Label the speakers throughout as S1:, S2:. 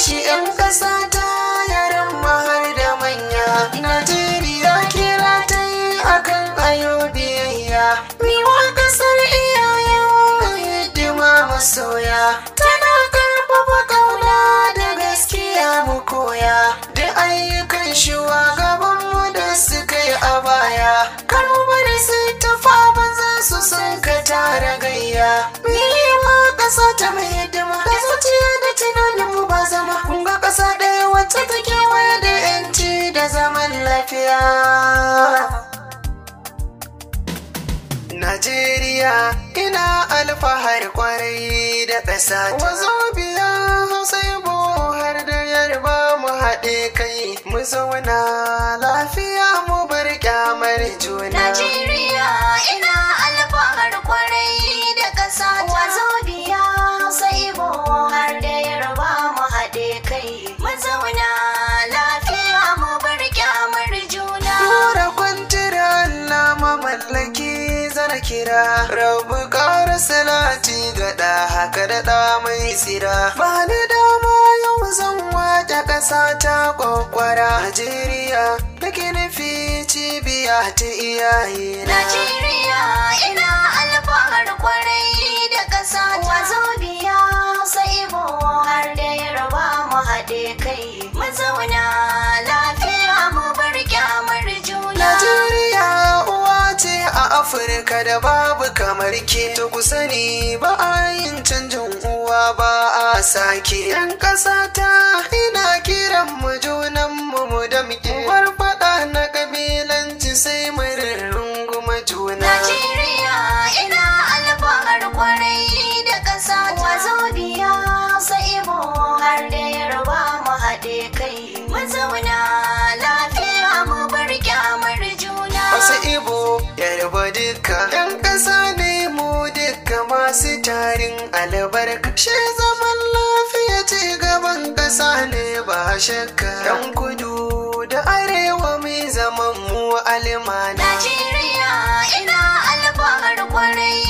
S1: tashi 'yan ƙasa ta yaran mahar da manya najeriya kira ta yi akan ayo biyayya miwa ƙasar iyayen hidima masoya tana karfafa ƙauna da gaskiya mu koya da ayyukan shugabanmu da suka yi a baya kar mu bari su tafa ba za su sun ka tara gayya miwa ƙasa ta mai hidima lafiya Najeriya ina alfahar kwarai da ƙasa wazo biya sai har da yarba mu haɗe kai mu zauna lafiya mu bar kyamar juna Najeriya kira rabu ƙara salati ga haka da da mai tsira ba ni dama yau zan wata ƙasa ta kwakwara Najeriya nake nufi cibiya ta iyaye Najeriya ina alfahar kwarai afirka da babu kamar ke to ku sani ba a yin canjin uwa ba a sake yan ƙasa ina kiran mu junan mu mu damƙe 'yan ƙasa ne mu duka masu tarin albarka shi zaman lafiya ci gaban ƙasa ne ba shakka yan kudu da arewa mai zaman mu alimana Najeriya ina
S2: alfahar kwarai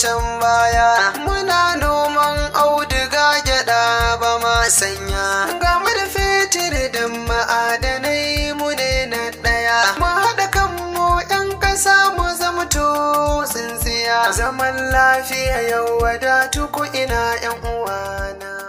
S1: can baya muna noman auduga gyaɗa ba ma sanya game da fetur da ma'adanai mune ne na ɗaya mu haɗa kanmu 'yan ƙasa mu zama to tsintsiya zaman lafiya yau wadatu ku ina 'yan uwana